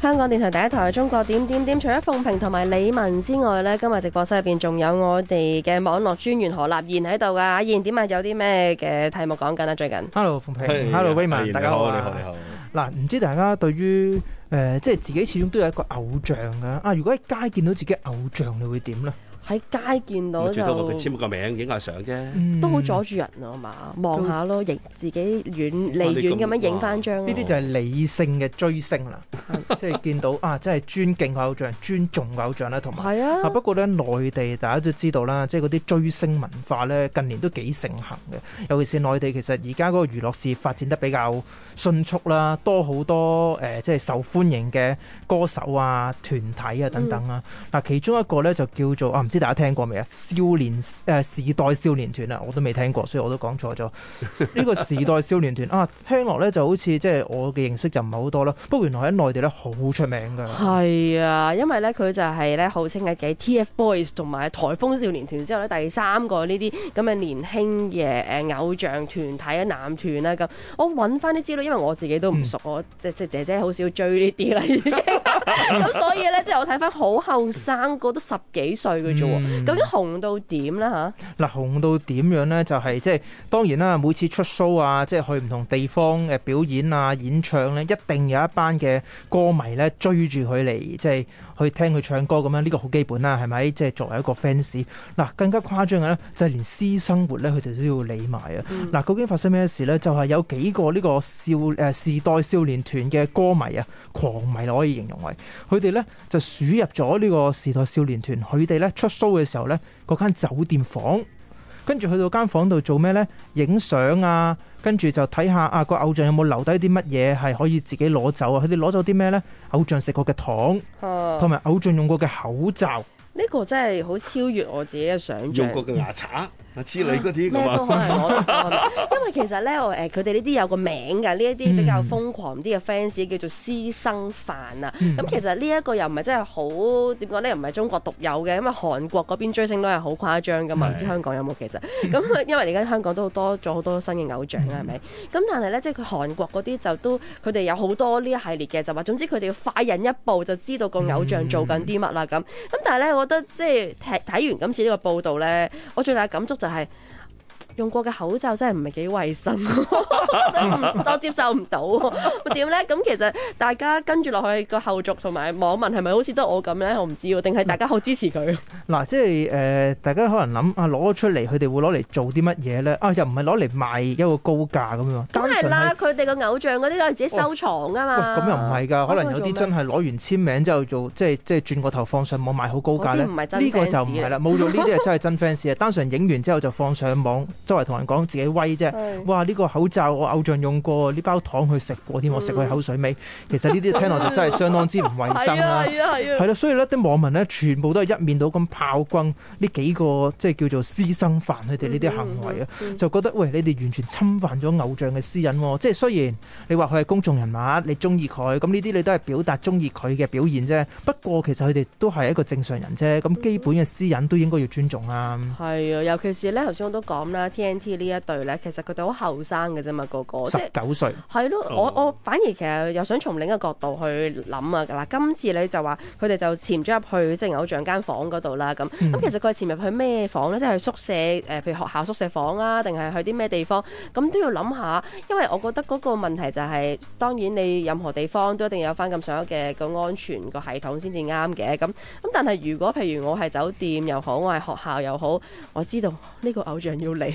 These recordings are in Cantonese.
香港電台第一台《中國點點點》，除咗鳳平同埋李文之外咧，今日直播室入邊仲有我哋嘅網絡專員何立彥喺度噶。阿彥點啊？有啲咩嘅題目講緊啊？最近。Hello，鳳平。Hello，Rayman。大家好。嗱，唔知大家對於誒、呃，即係自己始終都有一個偶像噶。啊，如果喺街見到自己偶像，你會點咧？喺街見到就，最多話佢簽個名、影下相啫，都好 spons Club? 阻住人啊嘛，望下咯，影自己遠離遠咁樣影翻張。呢啲就係理性嘅追星啦， 即係見到啊，即係尊敬偶像、尊重偶像啦，同埋啊，不過咧，內地大家都知道啦，即係嗰啲追星文化咧，近年都幾盛行嘅。尤其是內地，其實而家嗰個娛樂事業發展得比較迅速啦，多好多誒，即、就、係、是、受歡迎嘅歌手啊、團體啊等等啊。嗱、嗯，其中一個咧就叫做啊，唔知。大家聽過未啊？少年誒、呃、時代少年團啊，我都未聽過，所以我都講錯咗。呢 個時代少年團啊，聽落咧就好似即係我嘅認識就唔係好多啦。不過原來喺內地咧好出名嘅。係啊，因為咧佢就係咧號稱嘅繼 TF Boys 同埋台風少年團之後咧第三個呢啲咁嘅年輕嘅誒偶像團體啊男團啦咁。我揾翻啲資料，因為我自己都唔熟，嗯、我即即姐姐好少追呢啲啦已經。 咁所以咧，即係我睇翻好後生，個都十幾歲嘅啫喎，究竟、 嗯、 紅到點咧嚇？嗱，紅到點樣咧？就係即係當然啦，每次出 show 啊，即係去唔同地方誒表演啊、演唱咧，一定有一班嘅歌迷咧追住佢嚟，即係去聽佢唱歌咁樣。呢、這個好基本啦，係咪？即係作為一個 fans。嗱，更加誇張嘅咧，就係連私生活咧，佢哋都要理埋啊。嗱、嗯，究竟發生咩事咧？就係有幾個呢個少誒時代少年團嘅歌迷啊，狂迷可以形容為。佢哋呢就鼠入咗呢個時代少年團，佢哋呢出 show 嘅時候呢，嗰間酒店房，跟住去到間房度做咩呢？影相啊，跟住就睇下啊，個偶像有冇留低啲乜嘢係可以自己攞走啊？佢哋攞走啲咩呢？偶像食過嘅糖，同埋偶像用過嘅口罩。呢個真係好超越我自己嘅想像。用過嘅牙刷，似你嗰啲咁啊。因為其實咧，我誒佢哋呢啲有個名㗎，呢一啲比較瘋狂啲嘅 fans 叫做私生飯啊。咁其實呢一個又唔係真係好點講咧，又唔係中國獨有嘅，因為韓國嗰邊追星都係好誇張㗎嘛。唔知香港有冇其實咁？因為而家香港都多咗好多新嘅偶像啦，係咪？咁但係咧，即係佢韓國嗰啲就都佢哋有好多呢一系列嘅，就話總之佢哋要快人一步就知道個偶像做緊啲乜啦咁。咁但係咧我。得即係睇睇完今次呢個報道咧，我最大嘅感觸就係、是。用過嘅口罩真係唔係幾衞生， 再接受唔到。 點咧？咁其實大家跟住落去個後續同埋網民係咪好似得我咁咧？我唔知喎，定係大家好支持佢？嗱、嗯，即係誒、呃，大家可能諗啊，攞出嚟佢哋會攞嚟做啲乜嘢咧？啊，又唔係攞嚟賣一個高價咁樣。梗係啦，佢哋個偶像嗰啲都係自己收藏啊嘛。咁、哦欸、又唔係㗎，可能有啲真係攞完簽名之後做，即係即係轉個頭放上網賣好高價咧。呢個就唔係啦，冇咗呢啲係真係真 fans 啊！單純影完之後就放上網。周圍同人講自己威啫，是哇！呢、這個口罩我偶像用過，呢包糖佢食過添，嗯、我食佢口水味。其實呢啲聽落就真係相當之唔衞生啦、啊，係啦、 啊啊啊啊，所以呢啲網民呢，全部都係一面倒咁炮轟呢幾個即係叫做私生飯佢哋呢啲行為啊，嗯嗯、就覺得喂你哋完全侵犯咗偶像嘅私隱喎、哦，即係雖然你話佢係公眾人物，你鍾意佢咁呢啲你都係表達鍾意佢嘅表現啫。不過其實佢哋都係一個正常人啫，咁基本嘅私隱都應該要尊重啦、啊。係啊，尤其是呢頭先我都講啦。TNT 呢一對咧，其實佢哋好後生嘅啫嘛，個個十九歲，係咯的，oh. 我我反而其實又想從另一個角度去諗啊，嗱，今次咧就話佢哋就潛咗入去即係、就是、偶像間房嗰度啦，咁咁其實佢哋潛入去咩房咧？即係宿舍誒、呃，譬如學校宿舍房啊，定係去啲咩地方？咁都要諗下，因為我覺得嗰個問題就係、是，當然你任何地方都一定要有返咁上一嘅個安全個系統先至啱嘅，咁咁但係如果譬如我係酒店又好，我係學校又好，我知道呢個偶像要嚟。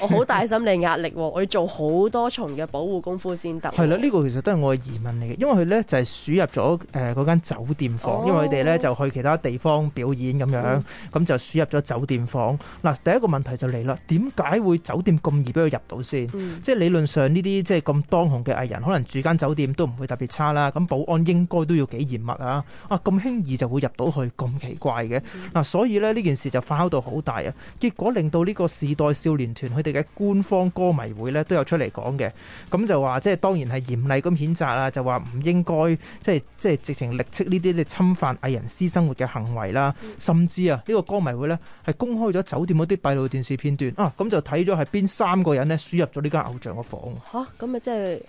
我好大心理壓力，我要做好多重嘅保護功夫先得。係啦，呢個其實都係我嘅疑問嚟嘅，因為佢咧就係鼠入咗誒嗰間酒店房，因為佢哋咧就去其他地方表演咁樣，咁就鼠入咗酒店房。嗱，第一個問題就嚟啦，點解會酒店咁易俾佢入到先？即係理論上呢啲即係咁當紅嘅藝人，可能住間酒店都唔會特別差啦。咁保安應該都要幾嚴密啊？啊，咁輕易就會入到去，咁奇怪嘅。嗱，所以咧呢件事就發酵到好大啊。結果令到呢個時代少年團團佢哋嘅官方歌迷會咧都有出嚟講嘅，咁就話即係當然係嚴厲咁譴責啊，就話唔應該即係即係直情力斥呢啲咧侵犯藝人私生活嘅行為啦，甚至啊呢個歌迷會咧係公開咗酒店嗰啲閉路電視片段啊，咁就睇咗係邊三個人咧輸入咗呢間偶像嘅房嚇，咁咪即係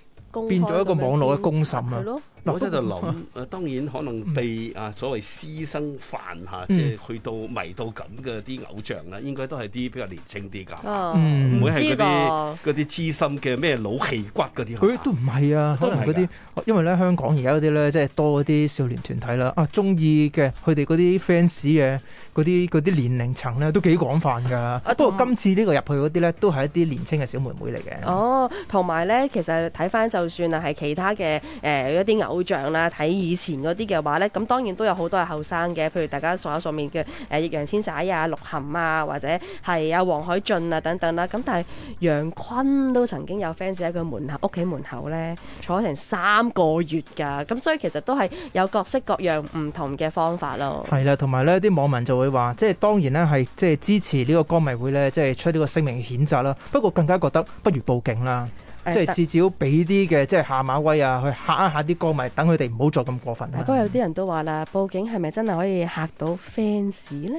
變咗一個網絡嘅公審啊。我喺度諗，誒當然可能被啊所謂私生飯」，嚇，即係去到迷到咁嘅啲偶像咧，應該都係啲比較年輕啲㗎，唔會係嗰啲嗰啲資深嘅咩老戲骨嗰啲。佢都唔係啊，都係嗰啲，因為咧香港而家啲咧即係多啲少年團體啦。啊，鍾意嘅佢哋嗰啲 fans 嘅嗰啲嗰啲年齡層咧都幾廣泛㗎。不過今次呢個入去嗰啲咧都係一啲年輕嘅小妹妹嚟嘅。哦，同埋咧，其實睇返就算啊，係其他嘅誒一啲偶，偶像啦，睇以前嗰啲嘅話呢，咁當然都有好多係後生嘅，譬如大家所有上面嘅誒，易烊千璽啊、鹿晗啊，啊，或者係阿黃海俊啊等等啦、啊。咁但係楊坤都曾經有 fans 喺佢門口屋企門口呢坐成三個月㗎。咁所以其實都係有各式各樣唔同嘅方法咯。係啦，同埋呢啲網民就會話，即係當然咧係即係支持呢個歌迷會呢，即、就、係、是、出呢個聲明譴責啦。不過更加覺得不如報警啦。即係至少俾啲嘅，即係下馬威啊，去嚇一嚇啲歌迷，等佢哋唔好再咁過分啦。不過 有啲人都話啦，報警係咪真係可以嚇到 fans 咧？